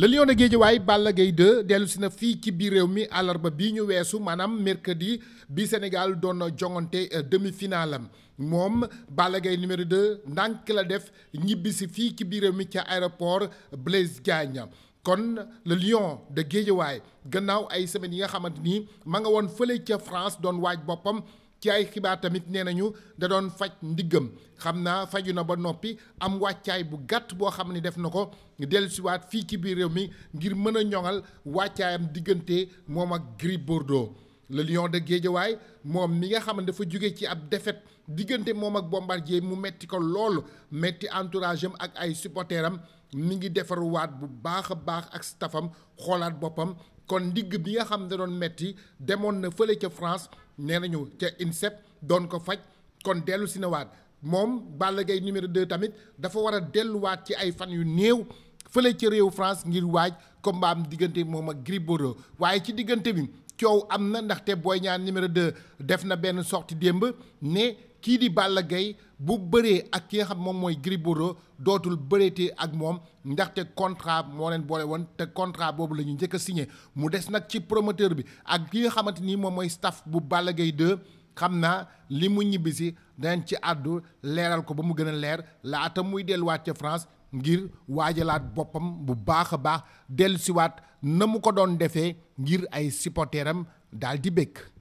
le lion de Guédiawaye Balla Gaye 2 na fii ci biir réew mi àllarba bii ñu weesu maanaam mercredi bi Sénégal doon jongante euh, demi-finale am moom Balla Gaye de 2 ndànk la def ñibbisi fii ci biir réew mi ca aéroport Blaise Diagne kon le lion de Guédiawaye gannaaw ay semaines yi nga xamante ni ma nga woon fële ca France doon waaj boppam ci ay xibaar tamit nee nañu da doon faj ndiggam xam naa faju na ba noppi am wàccaay bu gàtt boo xam ne def na ko dellusiwaat fii ci biir réew mi ngir mën a ñoŋal wàccaayam diggante moom ak Gris Bordeaux le lion de Guédiawaye moom mi nga xam ne dafa jóge ci ab défaite diggante moom ak Bombardier mu metti ko loolu metti entourage am ak ay supporteram mu ngi defaruwaat bu baax a baax ak stafam xoolaat boppam kon ndigg bi nga xam ne doon metti demoon na fële ca France nee nañu ca INSEP doon ko faj kon dellu si na waat moom Balla Gaye numéro 2 tamit dafa war a delluwaat ci ay fan yu néew fële ca réew France ngir waaj combat mbaam diggante moom ak Gris Bordeaux waaye ci diggante bi coow am na ndaxte booy Niang numéro 2 def na benn sortie démb ne. kii di Balla Gaye bu bëree ak ki xam moom mooy Gris Bordeaux dootul bëreetee ak moom ndaxte contrat moo leen boole woon te contrat boobu la ñu njëkk a signé mu des nag ci promoteur bi ak ki nga xamante ni moom mooy staff bu Balla gay dë xam naa li mu ñibbisi danañ ci àddu leeral ko ba mu gën a leer laata muy delluwaat ca France ngir waajalaat boppam bu baax a baax dellusiwaat na mu ko doon defee ngir ay supporteram daal di békk